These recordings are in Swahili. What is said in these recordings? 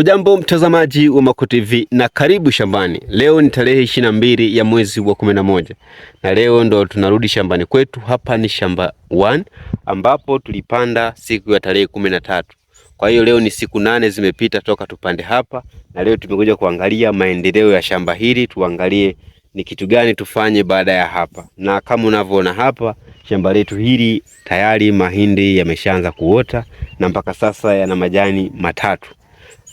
Ujambo mtazamaji wa Maco TV na karibu shambani. Leo ni tarehe ishirini na mbili ya mwezi wa kumi na moja na leo ndo tunarudi shambani kwetu. Hapa ni shamba 1 ambapo tulipanda siku ya tarehe kumi na tatu. Kwa hiyo leo ni siku nane zimepita toka tupande hapa, na leo tumekuja kuangalia maendeleo ya shamba hili, tuangalie ni kitu gani tufanye baada ya hapa. Na kama unavyoona hapa shamba letu hili tayari mahindi yameshaanza kuota na mpaka sasa yana majani matatu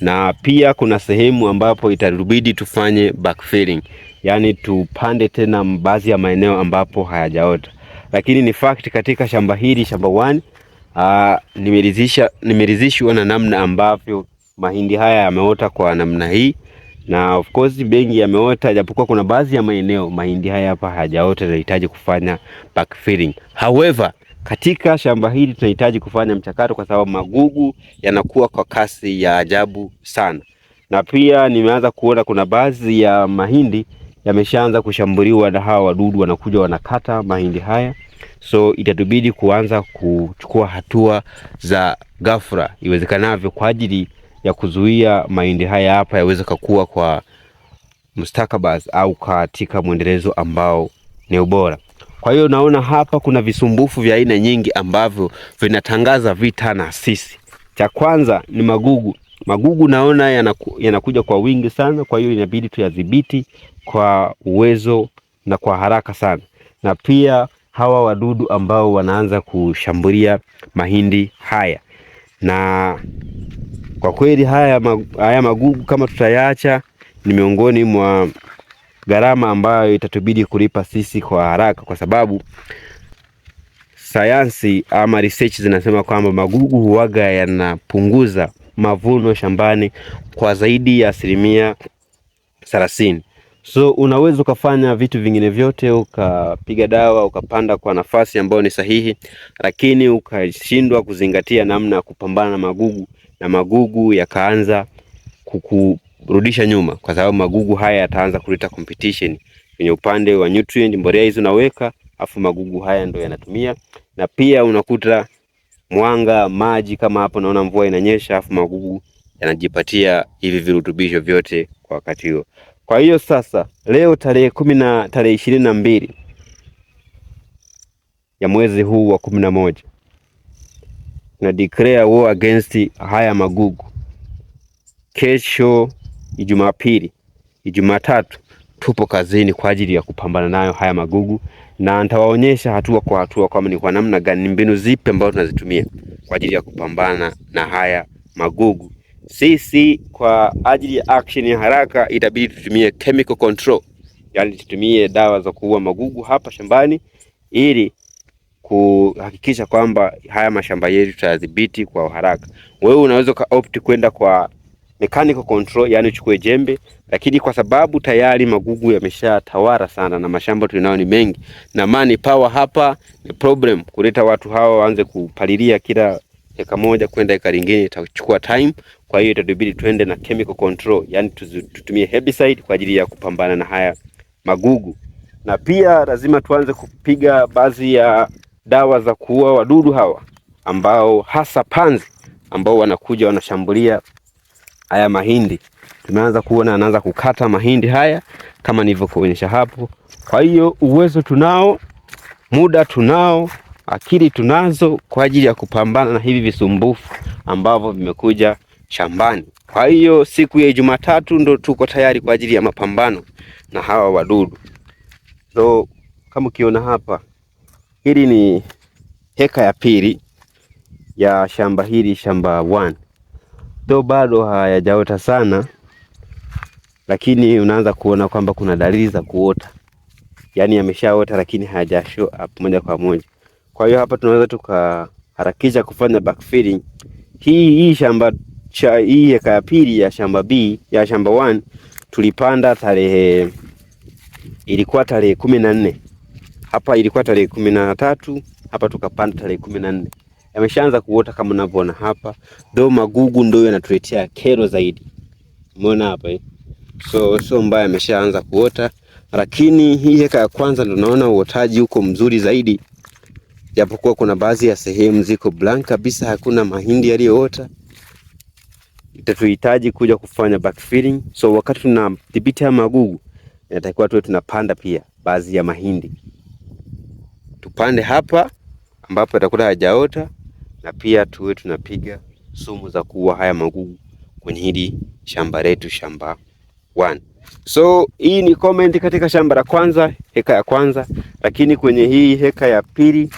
na pia kuna sehemu ambapo itarubidi tufanye backfilling, yaani tupande tena baadhi ya maeneo ambapo hayajaota. Lakini ni fact katika shamba hili shamba 1 ah, nimeridhisha nimeridhishwa na namna ambavyo mahindi haya yameota kwa namna hii, na of course bengi yameota, japokuwa kuna baadhi ya maeneo mahindi haya hapa hayajaota yanahitaji kufanya backfilling. However, katika shamba hili tunahitaji kufanya mchakato, kwa sababu magugu yanakuwa kwa kasi ya ajabu sana, na pia nimeanza kuona kuna baadhi ya mahindi yameshaanza kushambuliwa na hawa wadudu, wanakuja wanakata mahindi haya, so itatubidi kuanza kuchukua hatua za ghafla iwezekanavyo kwa ajili ya kuzuia mahindi haya hapa yaweze kukua kwa mustakabali au katika mwendelezo ambao ni ubora. Kwa hiyo naona hapa kuna visumbufu vya aina nyingi ambavyo vinatangaza vita na sisi. Cha kwanza ni magugu. Magugu naona yanaku, yanakuja kwa wingi sana, kwa hiyo inabidi tuyadhibiti kwa uwezo na kwa haraka sana, na pia hawa wadudu ambao wanaanza kushambulia mahindi haya, na kwa kweli haya, haya magugu kama tutayaacha ni miongoni mwa gharama ambayo itatubidi kulipa sisi kwa haraka, kwa sababu sayansi ama research zinasema kwamba magugu huwaga yanapunguza mavuno shambani kwa zaidi ya asilimia thelathini. So unaweza ukafanya vitu vingine vyote, ukapiga dawa, ukapanda kwa nafasi ambayo ni sahihi, lakini ukashindwa kuzingatia namna ya kupambana na magugu na magugu yakaanza kuku rudisha nyuma, kwa sababu magugu haya yataanza kuleta competition kwenye upande wa nutrient. Mbolea hizo naweka afu magugu haya ndio yanatumia, na pia unakuta mwanga, maji. Kama hapo naona mvua inanyesha, afu magugu yanajipatia hivi virutubisho vyote kwa wakati huo. Kwa hiyo sasa leo tarehe kumi na tarehe ishirini na mbili ya mwezi huu wa kumi na moja na declare war against haya magugu. Kesho Ijumaa pili, Ijumaa tatu tupo kazini kwa ajili ya kupambana nayo haya magugu, na nitawaonyesha hatua kwa hatua kwamba ni kwa namna gani, ni mbinu zipi ambazo tunazitumia kwa ajili ya kupambana na haya magugu. Sisi kwa ajili ya action ya haraka itabidi tutumie chemical control, yaani tutumie dawa za kuua magugu hapa shambani ili kuhakikisha kwamba haya mashamba yetu tutayadhibiti kwa haraka. Wewe unaweza ka opt kwenda kwa mechanical control, yani uchukue jembe, lakini kwa sababu tayari magugu yameshatawala sana na mashamba tunayo ni mengi na mani power hapa ni problem. Kuleta watu hawa waanze kupalilia kila eka moja kwenda eka lingine itachukua time. Kwa hiyo itabidi twende na chemical control, yani tutumie herbicide kwa ajili ya kupambana na haya magugu, na pia lazima tuanze kupiga baadhi ya dawa za kuua wadudu hawa ambao hasa panzi ambao wanakuja wanashambulia haya mahindi tumeanza kuona anaanza kukata mahindi haya kama nilivyokuonyesha hapo. Kwa hiyo uwezo tunao, muda tunao, akili tunazo kwa ajili ya kupambana na hivi visumbufu ambavyo vimekuja shambani. Kwa hiyo siku ya Jumatatu ndo tuko tayari kwa ajili ya mapambano na hawa wadudu. So kama ukiona hapa, hili ni heka ya pili ya shamba hili, shamba one do bado hayajaota sana, lakini unaanza kuona kwamba kuna dalili za kuota, yaani yameshaota lakini hayaja show up moja kwa moja. Kwa hiyo hapa tunaweza tukaharakisha kufanya backfilling hii hii shamba cha hii eka ya pili ya shamba B ya shamba 1 tulipanda tarehe ilikuwa tarehe kumi na nne hapa ilikuwa tarehe kumi na tatu hapa tukapanda tarehe kumi na nne yameshaanza kuota kama unavyoona hapa, though magugu ndio yanatuletea kero zaidi. Umeona hapa eh? So sio mbaya, yameshaanza kuota, lakini hii heka ya kwanza ndio naona uotaji uko mzuri zaidi, japokuwa kuna baadhi ya sehemu ziko blank kabisa, hakuna mahindi yaliyoota. Itatuhitaji kuja kufanya backfilling. So wakati tunadhibiti haya magugu, inatakiwa tuwe tunapanda pia baadhi ya mahindi, tupande hapa ambapo atakuta hajaota na pia tuwe tunapiga sumu za kuua haya magugu kwenye hili shamba letu, shamba one. So hii ni comment katika shamba la kwanza, heka ya kwanza, lakini kwenye hii heka ya pili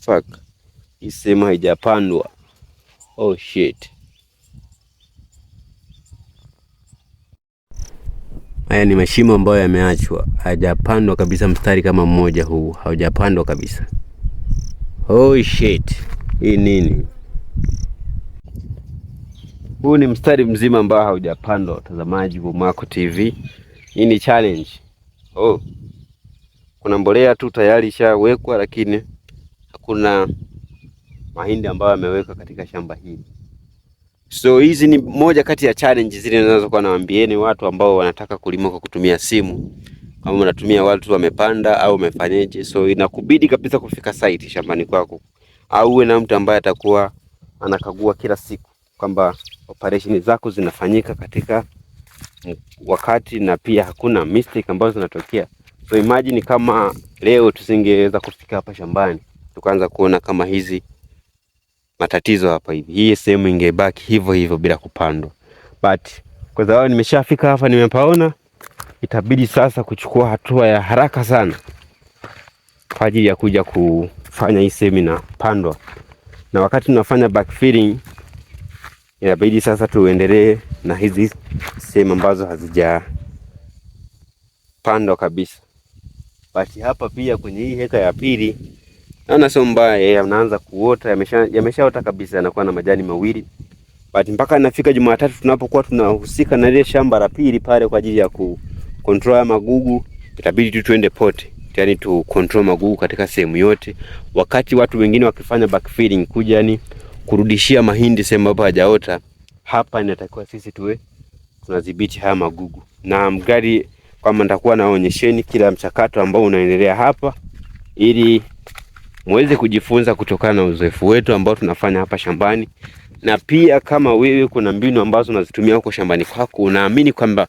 fuck, isema haijapandwa. Oh shit. Haya ni mashimo ambayo yameachwa, hajapandwa kabisa. Mstari kama mmoja huu haujapandwa kabisa. Oh shit hii nini? Huu ni mstari mzima ambao haujapandwa. Watazamaji wa Maco TV, hii ni challenge. Oh, kuna mbolea tu tayari ishawekwa, lakini hakuna mahindi ambayo yamewekwa katika shamba hili. So hizi ni moja kati ya challenge zile ninazokuwa nawaambieni watu ambao wanataka kulima kwa kutumia simu, kama unatumia watu wamepanda au umefanyaje. So inakubidi kabisa kufika site shambani kwako au uwe na mtu ambaye atakuwa anakagua kila siku kwamba operesheni zako zinafanyika katika wakati na pia hakuna mistake ambazo zinatokea. So imagine kama leo tusingeweza kufika hapa shambani tukaanza kuona kama hizi matatizo hapa hivi, hii sehemu ingebaki hivyo hivyo bila kupandwa, but kwa sababu nimeshafika hapa nimepaona, itabidi sasa kuchukua hatua ya haraka sana kwa ajili ya kuja kufanya hii semina Pandwa, na wakati tunafanya backfilling inabidi sasa tuendelee na hizi sehemu ambazo hazijapandwa kabisa. Basi hapa pia kwenye hii heka ya pili naona sio mbaya, yanaanza kuota, yameshaota yamesha kabisa, yanakuwa na majani mawili. Basi mpaka inafika Jumatatu tunapokuwa tunahusika na ile shamba la pili pale kwa ajili ya kukontrol magugu, itabidi tu tuende pote yani tu control magugu katika sehemu yote, wakati watu wengine wakifanya backfilling kuja yani kurudishia mahindi sehemu ambapo hajaota. Hapa inatakiwa sisi tuwe tunadhibiti haya magugu, na mgari kama nitakuwa naonyesheni kila mchakato ambao unaendelea hapa, ili muweze kujifunza kutokana na uzoefu wetu ambao tunafanya hapa shambani, na pia kama wewe kuna mbinu ambazo unazitumia huko shambani kwako, unaamini kwamba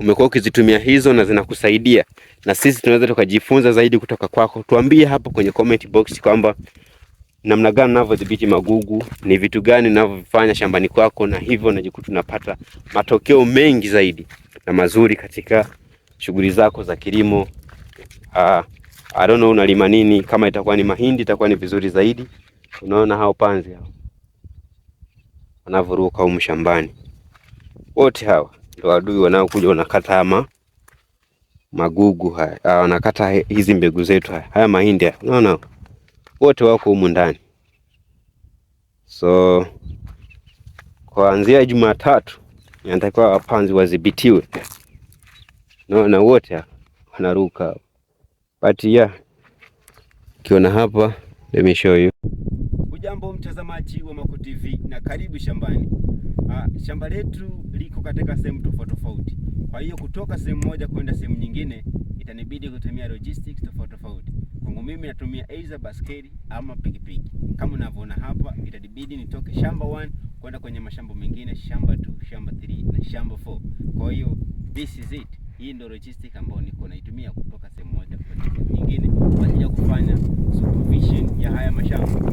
umekuwa ukizitumia hizo na zinakusaidia na sisi tunaweza tukajifunza zaidi kutoka kwako. Tuambie hapo kwenye comment box kwamba namna gani unavyodhibiti magugu, ni vitu gani unavyofanya shambani kwako, na hivyo unajikuta unapata matokeo mengi zaidi na mazuri katika shughuli zako za kilimo. Uh, I don't know unalima nini, kama itakuwa ni mahindi itakuwa ni vizuri zaidi. Unaona hao panzi hao wanavyoruka humu shambani, wote hawa ndio adui wanaokuja wanakata ama magugu haya, ah, wanakata hizi mbegu zetu, haya mahindi no, no, wote wako humu ndani. So kuanzia Jumatatu inatakiwa wapanzi wadhibitiwe, naona wote wanaruka but yeah, kiona hapa, let me show you. Ujambo mtazamaji wa Maco TV na karibu shambani. Ah, shamba letu liko katika sehemu tofauti tofauti kwa hiyo kutoka sehemu moja kwenda sehemu nyingine itanibidi kutumia logistics tofauti tofauti. Kwangu mimi natumia either baskeli ama pikipiki. Kama unavyoona hapa, itanibidi nitoke shamba 1 kwenda kwenye mashamba mengine, shamba 2, shamba 3 na shamba 4. Kwa hiyo this is it. Hii ndio logistics ambayo niko naitumia kutoka sehemu moja kwenda sehemu nyingine kwa ajili ya kufanya supervision ya haya mashamba.